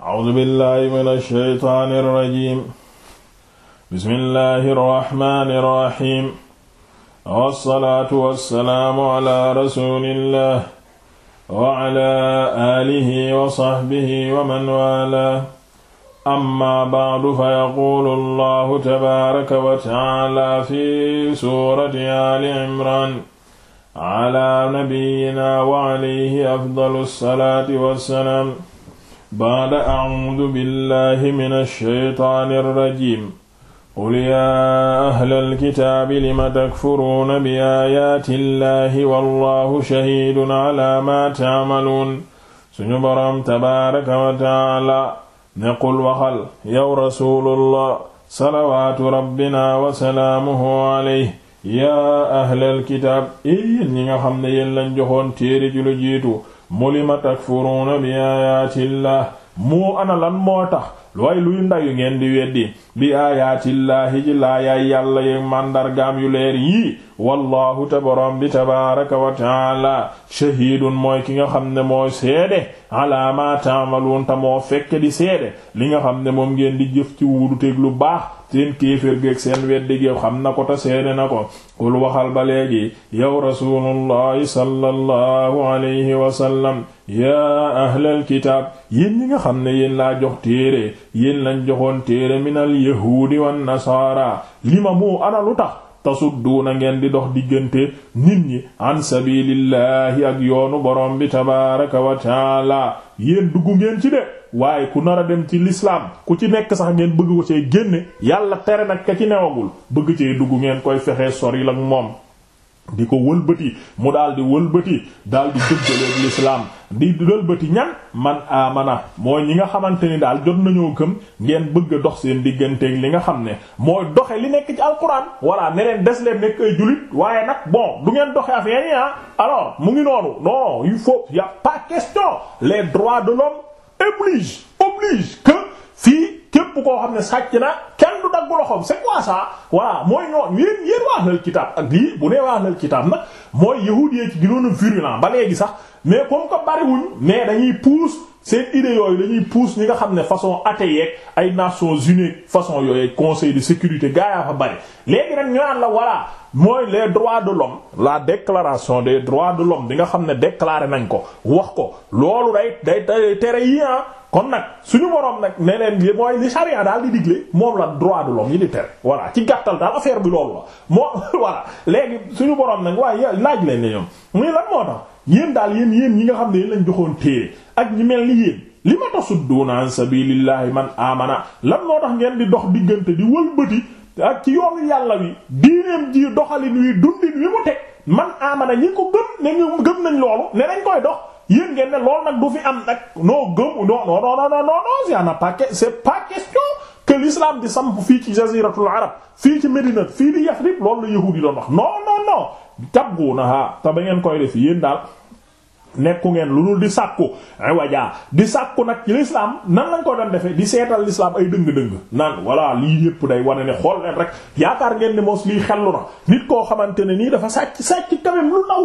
A'uuzu billaahi mina shaytaani rajiim. Bismillaahi rahmaani rahiim. Wassalaatu wassalaamu alaa rasuulillaah wa alaa aalihi wa sahbihi wa man waalaah. Ammaa ba'du fa yaquulu Allaahu tabaaraka wa ta'aalaa fi suurati Aali Imraan alaa nabiyyinaa wa alayhi afdalu salaati wa salaam. baada acuudu billahi min alsheytaani alrajim qul yaa ahla alkitaabi lima takfuruuna bi aayaati illahi wallahu shahidun calaa maa taamaluun suñu boroom tabaaraka wa tacaala ne qul waxal yow rasuulullah salawaatu rabbina wa salaamuhu alayhi yaa ahla alkitaab yéen ñi nga xam ne yéen lañ joxoon téere ju lu jiitu mu lima takfuruuna bi aayaatillah mu ana lan moo tax looy luy ndayu ngeen di weddi bi aayaatillaahi ji laayaay yàlla yeg màndargaam yu leer yii wallahu te boroom bi tabaraka wa taala shahidun mooy ki nga xam ne mooy seede ala ma ta'malun ta moo fekke di seede li nga xam ne moom ngeen di jëf ci wuudu teg lu baax seen kéefér seen weddi gi xam na ko ta seede na ko kul waxal ba léegi yow rasulullahi sallallahu alayhi wasallam yaa ahlal kitaab yéen ñi nga xam ne yéen laa jox téere yéen lañ joxoon téere minal yahuudi wan nasaara lima moo ana lu tax tasudduuna ngeen di dox diggante nit ñi an sabilillahi ak yoonu boroom bi tabaaraka wa taala yéen duggu ngeen ci de waaye ku nar a dem ci lislaam ku ci nekk sax ngeen bëgg ko cee génne yàlla tere nag ka ci newagul bëgg cee dugg ngeen koy fexee sori lak moom di ko wëlbëti mu daal di wëlbati daal di dëggaleeg lislaam di wëlbati ñan man amana mooy ñi nga xamante ni daal jot nañoo gëm ngeen bëgg a dox seen digganteeg li nga xam ne mooy doxe li nekk ci alquran voilà ne leen des leen nekk ay jullit waaye nag boo du ngeen doxe affaire yi ah mu ngi noonu non il faut oblige oblige que fii képp koo xam ne sàcc na kenn du dagg a c'est quoi ça voilà mooy ñoo yéen yéen waa ahlul kitaab ak lii bu nee waa ahlul kitaab nag mooy yahuud yi ci gënoon a virulent ba léegi sax mais comme que bariwuñ mais dañuy pousse. seen idées yooyu dañuy pousse ñi nga xam ne façon athée yeeg ay Nations Unies façon yooyu conseil de sécurité gaa yaa fa bari léegi nag ñu naan la voilà mooy les droits de l'homme la déclaration de droits de l'homme bi nga xam ne déclaré nañ ko wax ko loolu day day tere yi ah kon nag suñu boroom nag ne leen li mooy li charia daal di digle moom la droit de l'homme yi di tere voilà ci gàttal daal affaire bi loolu la moo voilà léegi suñu boroom nag waaye laaj leen daal yéen yéen ñi nga xam ne yéen joxoon téere ak ñi mel ni yéen li ma tasudduuna an sabilillahi man amana lan moo tax ngeen di dox diggante di wëlbati ak ci yoonu yàlla wi diineem ji doxalin wi dundin wi mu teg man amana ñi ko gëm ne ñu gëm nañ loolu ne nañ koy dox yéen ngeen ne loolu nag du fi am nag noo gëm non non non non non non si ana pas c'est pas question que l'islam di samp fii ci jaziratul arab fii ci Médina fii di Yathrib loolu la yahuud yi doon wax non non non tabgunaha te ba ngeen koy def yéen daal nekku ngeen lu dul di sàkku iwaja eh, di sàkku nag ci l'islam nan lañ ko doon defee di seetal l'islam ay dëng-dëng naan voilà lii yépp day wane ne xool leen rek yaakaar ngeen ni mos lii xellu na nit koo xamante ne nii dafa sàcc sàcc quand même lu ndaw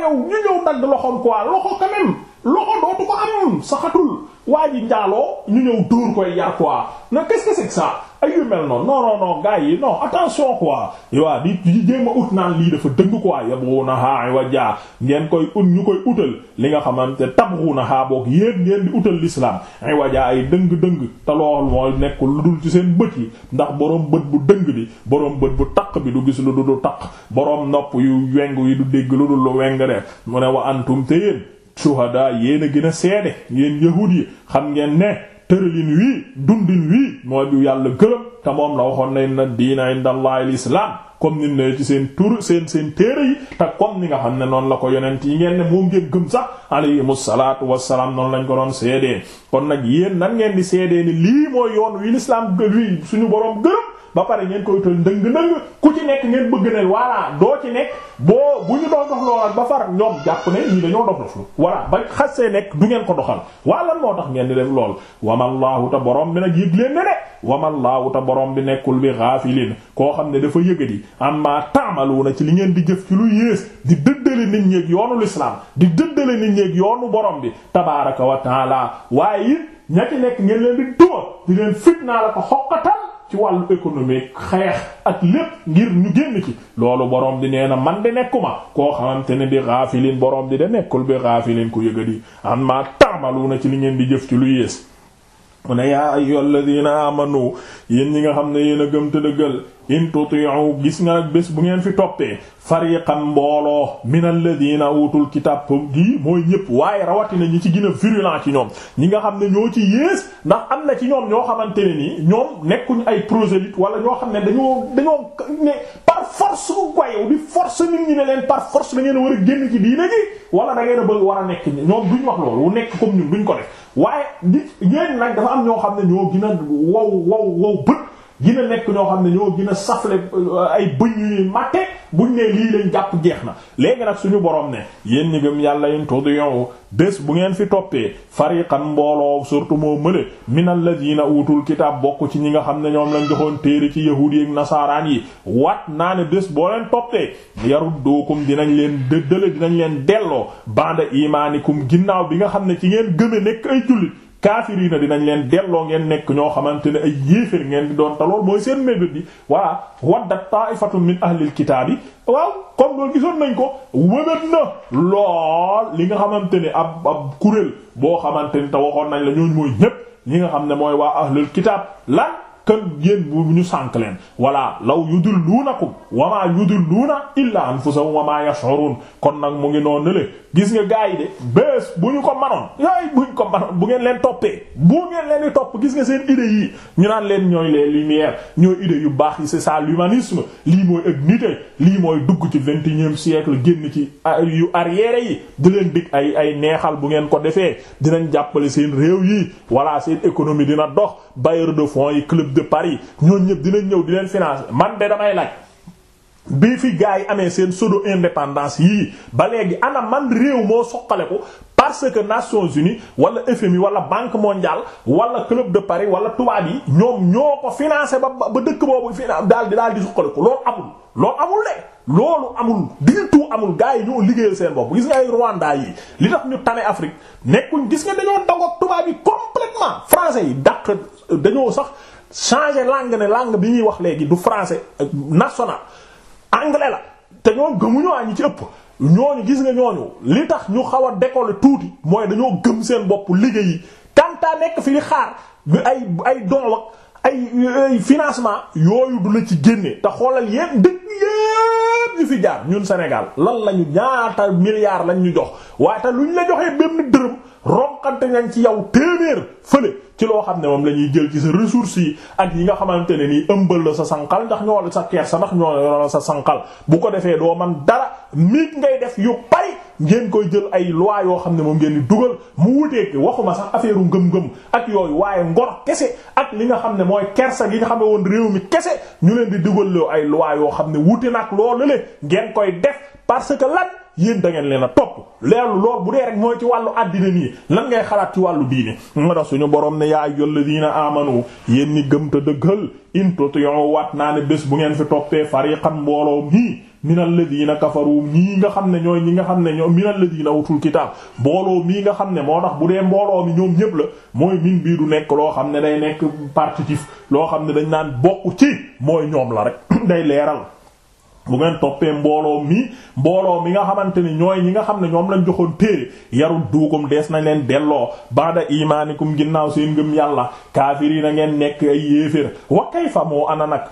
yow ñu ñëw dagg loxoom quoi loxo quand même loxo dootu ko am saxatul waa ji njaaloo ñu ñëw dóor koy yar quoi na qu'est-ce ay yu mel noonu non non non gars yi non attention quoi waaw di di jéem a ut naan lii dafa dëng quoi yabru na haa wa jaa ngeen koy ut ñu koy utal li nga xamante tabru na haa boog yéen ngeen di utal l'islam ay wa jaa ay dëng-dëng te loolu mooy nekk lu dul ci seen bët yi ndax boroom bët bu dëng bi boroom bët bu taq bi du gis lu du taq boroom nopp yu weng yi du dégg lu dul lu weng de mu ne wa antum te yéen suhadaa yéen a gën a seede yéen yahud xam ngeen ne tëralin wii dundin wii mooy bi yàlla gërëm te moom la waxoon na na diina inda allah l'islam comme ni ne ci seen tur seen seen téere yi te comme ni nga xam ne noonu la ko yonent yi ngeen ne moom ngeen gëm sax alayhimu salaatu wassalaam noonu lañ ko doon seedee kon nag yéen nan ngeen di seedee ni lii mooy yoon wi l'islam suñu boroom gërëm ba pare ngeen koy tëj ndëng-ndëng ku ci nekk ngeen bëgg ne voilà doo ci nekk boo bu ñu doon dox loolal ba far ñoom jàpp ne ñii dañoo dox dox lu voilà ba xasee nekk du ngeen ko doxal waa lan moo tax ngeen di def lool wamallaahu ta borom bi nag yëg leen ne de wamallaahu ta borom bi nekkul bi xaafilin koo xam ne dafa di yëgadi amma taamaluuna ci li ngeen di jëf ci lu yées di dëddale nit ñi ak yoonu l'islam di dëddale nit ñi ak yoonu borom bi tabaaraka wa taala waaye it ña ci nekk ngeen leen di ci wàllu économique xeex ak lépp ngir ñu génn ci loolu borom di nee na man di nekkuma koo xamante ne di xaafilin borom di de nekkul bi xaafilin ku yëgadi an maa taamalu na ci li ngeen di jëf ci lu yées mu ne yaa ayyuhalladhina amanu yéen ñi nga xam ne yéen a gëm te gël in tuti'u gis nga nag bés bu ngeen fi toppee fariqan mbooloo min alladina utul kitab gi mooy ñëpp waaye rawatina ñi ci gën a ci ñoom ñi nga xam ne ñoo ci yées ndax am na ci ñoom ñoo xamante ne nii ñoom nekkuñ ay prosélytes wala ñoo xam ne dañoo dañoo ne par force bu goyew di force nit ñi ne leen par force da ngeen a war a génn ci diina gi wala da ngeen bëgg war a nekk ñoom duñ wax loolu wu nekk comme ñun duñ ko def waaye di yéen nag dafa am ñoo xam ne ñoo gën a wow wow gina nekk ñoo xam ne ñoo gën a safle euh, ay bëñ ñuy matte buñ ne lii lañ jàpp jeex na léegi nag suñu borom ne yéen ñi gëm yàlla in tudiyu bés bu ngeen fi toppee fariqan mbooloo surtout moo mële min alladina utul kitab bokk ci ñi nga xam ne ñoom lañ joxoon téere ci yahuud yi nasaaraan yi wat naa ne bés boo leen toppee yaruddukum dinañ leen dëddale dinañ leen delloo banda imaanikum ginnaaw bi nga xam ne ci ngeen gëme nekk ay jullit kaafiriina dinañ leen delloo ngeen nekk ñoo xamante ne ay yéeféer ngeen di doon te lool mooy seen mébét bi voilà waddat ta'ifatun min ahlil kitaab yi waaw comme loolu gisoon nañ ko wëbët na lool li nga xamante ne ab ab kuréel boo xamante ni te waxoon nañ la ñooñ mooy ñépp ñi nga xam ne mooy waa ahlil kitaab lan kan yéen bu ñu sànk leen walla law yudilluunakum wa maa na illaa anfusahum wa maa yash'uruun kon nag mu ngi noonu le gis nga gaa yi de bés bu ñu ko manoon yaay bu ñu ko manoon bu ngeen leen toppee bu ngeen leen di topp gis nga seen idées yi ñu naan leen ñooy les lumières ñooy idées yu baax yi c'est ça l'humanisme lii mooy ak nite lii mooy dugg ci vingt et unième siècle génn ci yu arrière yi di leen dig ay ay neexal bu ngeen ko defee dinañ jàppale seen réew yi walla seen dina dox bailleur de Paris ñoon ñëpp dinañ ñëw di leen financer man de damay laaj bi fi gars yi amee seen pseudo indépendance yii ba léegi ana man réew moo soqale ko parce que Nations Unies wala FMI wala Banque mondiale wala Club de Paris wala tubaab yi ñoom ñoo ko financé ba ba dëkk boobu finan daal di daal di suqali ko loolu amul loolu amul de loolu amul du tout amul gars yi ñoo liggéeyal seen bopp gis nga ay Rwanda yi li tax ñu tane Afrique nekkuñ gis nga dañoo daggoog tubaab changer langue ne langue bi ñuy wax léegi du français euh, national anglais la te ñoom gëmuñu waa ñi ci ëpp ñooñu gis nga ñooñu li tax ñu xaw a décoller tuuti mooy dañoo gëm seen bopp liggéey yi tant nekk fi di xaar du ay ay don ay financement yooyu du la ci génne te xoolal yéen dëkk yépp yu fi jaar ñun Sénégal lan lañu ñu ñaata milliards lañ ñu jox waaye lu ñu la joxee benn dërëm ronkante nañ ci yow téeméer fële ci loo xam ne moom la ñuy jël ci sa ressources yi ak yi nga xamante ne nii ëmbal la sa sanqal ndax ñoo la sa keer sa ndax ñoo la sa sanqal bu ko defee doo man dara miig ngay def yu pari ngeen koy jël ay loi yoo xam ne moom ngeen di dugal mu wuteeg waxuma sax affaire ngëm-ngëm ak yooyu waaye ngor kese ak li nga xam ne mooy kersa gi nga xam ne woon réew mi kese ñu leen di dugal loo ay loi yoo xam ne wuute nag loolu le ngeen koy def parce que lan yéen da ngeen leen a topp leerlu lool bu dee rek mooy ci wàllu àddina nii lan ngay xalaat ci wàllu diine moo tax suñu borom ne yaa ayyuhalladhina amanu yéen ñi gëm te dëggal in tuti'u waat naa ne bés bu ngeen fi toppee xam mbooloo mii minal ladina kafaru ñii nga xam ne ñooy ñi nga xam ne ñoom minal ladina utul kitaab mbooloo mii nga xam ne moo tax bu dee mbooloo mi ñoom ñëpp la mooy min bii du nekk loo xam ne day nekk partitif loo xam ne dañ naan bokk ci mooy ñoom la rek day leeral bu ngeen toppee mbooloo mi mbooloo mi nga xamante ni ñooy ñi nga xam ne ñoom lañ joxoon téere yarul duukum dees nañ leen delloo baada imaanikum ginnaaw seen ngëm yàlla kaafiri na ngeen nekk ay yéeféer wa fa moo ana nag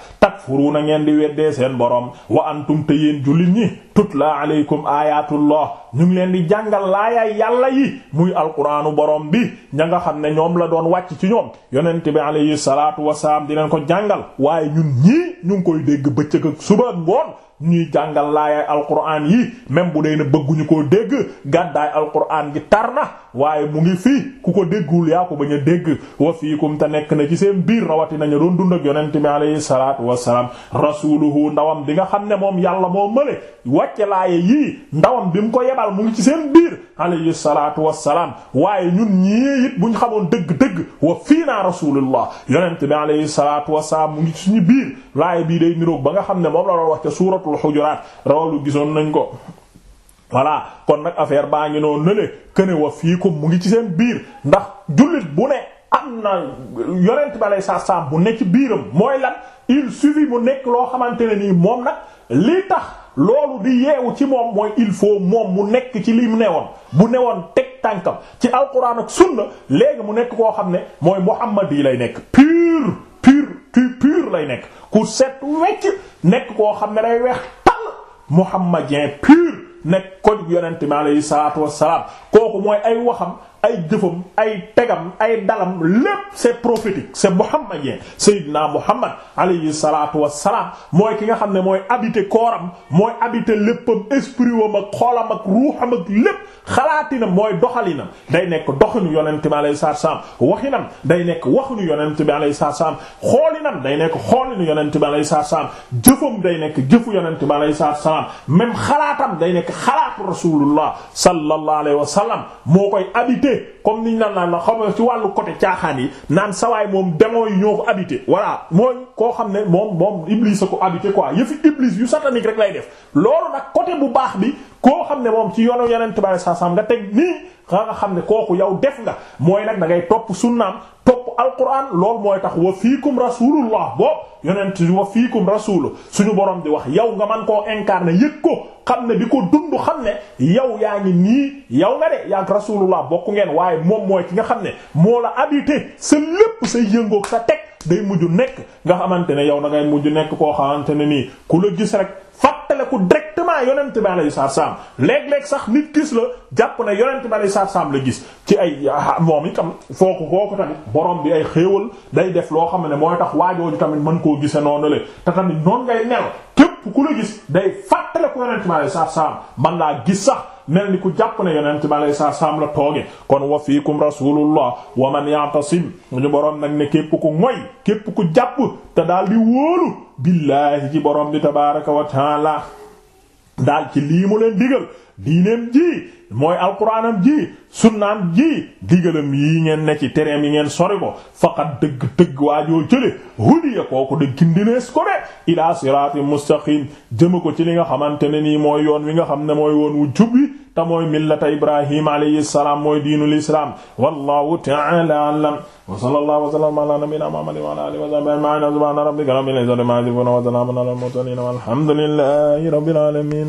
na ngeen di weddee seen borom wa antum te yéen jullit ñi tutla aleykum ayatullah ñu ngi leen di jàngal laayaay yàlla yi muy alquraanu borom bi ña nga xam ne ñoom la doon wàcc ci ñoom yonent bi alayhi salaatu wa di leen ko jàngal waaye ñun ñii ñu ngi koy dégg bëccëg suba ngoon ñuy jàngal laayaay alquran yi même bu dee na bëgguñu koo dégg gàddaay alquran gi tar na waaye mu ngi fii ku ko déggul yaa ba bañ a dégg wa fiikum te nekk na ci seen biir rawati nañu doon dund ak yonent bi alayhi salaatu wassalaam rasuluhu ndawam bi nga xam ne moom yàlla moo mële wàcce laaye yii ndawam bi mu ko yebal mu ngi ci seen biir alayhi salaatu wassalaam waaye ñun ñii buñ xamoon dëgg-dëgg wa fii naa rasulullah yonent bi alayhi salaatu wassalaam mu ngi suñu biir laaye bii day niroog ba nga xam ne moom la doon wax ca suurat suuratul xujuraat rawlu gisoon nañ ko voilà kon nag affaire baa ngi noonu nële këne fii ko mu ngi ci seen biir ndax jullit bu ne am na yonent balay sa saam bu ne ci biiram mooy lan il suffit mu nekk loo xamante ne nii moom nag li tax loolu di yeewu ci moom mooy il faut moom mu nekk ci li mu newoon bu newoon teg tànkam ci alquran ak sunna léegi mu nekk koo xam ne mooy muhammad yi lay nekk pur pur lay nekk ku set wecc nekk koo xam ne day weex tal muhammadien pur nekk ko jug yonent mi alayhi salaatu wassalaam kooku mooy ay waxam ay jëfam ay tegam ay dalam lépp c'est prophétique c'est muhammadien Seydina Muhammad alayhi salaatu wassalaam mooy ki nga xam ne mooy habité kooram mooy habité léppam esprit wam ak xoolam ak ruuxam ak lépp xalaatinam mooy doxalinam day nekk doxinu yonent bi alayhi salaatu wassalaam waxinam day nekk waxinu yonent bi alayhi salaatu wassalaam xoolinam day nekk xoolinu yonent bi alayhi salaatu wassalaam jëfam day nekk jëfu yonent bi alayhi salaatu wassalaam même xalaatam day nekk xalaatu rasulullah sallallahu sallam moo koy habité comme niñ naan naan na xam nga ci wàllu côté caaxaan yi naan sawaay moom démons yi ñoo ko habité voilà mooy koo xam ne moom moom Iblis a ko habité quoi yëfi Iblis yu satanique rek lay def loolu nag côté bu baax bi koo xam ne moom ci yoonu yeneen tubaab yi nga teg nii nga xam ne kooku yow def nga mooy nag da topp sunnaam topp alquran loolu mooy tax wa fiikum rasulullah boobu yonent wa fiikum rasul suñu borom di wax yow nga man koo incarné yëg ko xam ne bi ko dund xam ne yow yaa ngi nii yow nga de yaag rasulullah bokku ngeen waaye moom mooy ki nga xam ne moo la habité sa lépp sa yëngoog sa teg day mujj nekk nga xamante ne yow da ngay mujj nekk koo xamante ne nii ku la gis rek ko directement yonent bi alayhi salaam léeg-léeg sax nit gis la jàpp ne yonent bi alayhi salaam la gis ci ay ah, moom itam foo ko foo ko tamit borom bi ay xéewal day def loo xam ne mooy tax waajooju tamit mën koo gise noonu le te tamit noonu ngay mel képp ku la gis day fàttale ko yonent bi alayhi salaam man laa gis sax mel ni ku jàpp ne yonent mi alayhi salaam la tooge kon wa fiikum rasulullah wa man ya'tasim ñu boroom nag ne képp ko moy képp ku jàpp te daal di wóolu billaahi ji boroom bi tabaaraka wa taala daal ci lii mu leen digal diineem ji mooy alquraanam ji sunnaam ji digalam yii ngeen ne ci tereem yi ngeen sori ko faqat dëgg dëgg waajoo jële hudiya kooku de gindinees ko de ilaa siraati mustaqim jëma ko ci li nga xamante ne nii mooy yoon wi nga xam ne mooy woon wu jub wi te mooy millata ibrahim alayhi salaam mooy diinul islam wallahu ta'ala a'lam wa sallallahu wa sallama ala nabiyyina muhammadin wa ala alihi wa sahbihi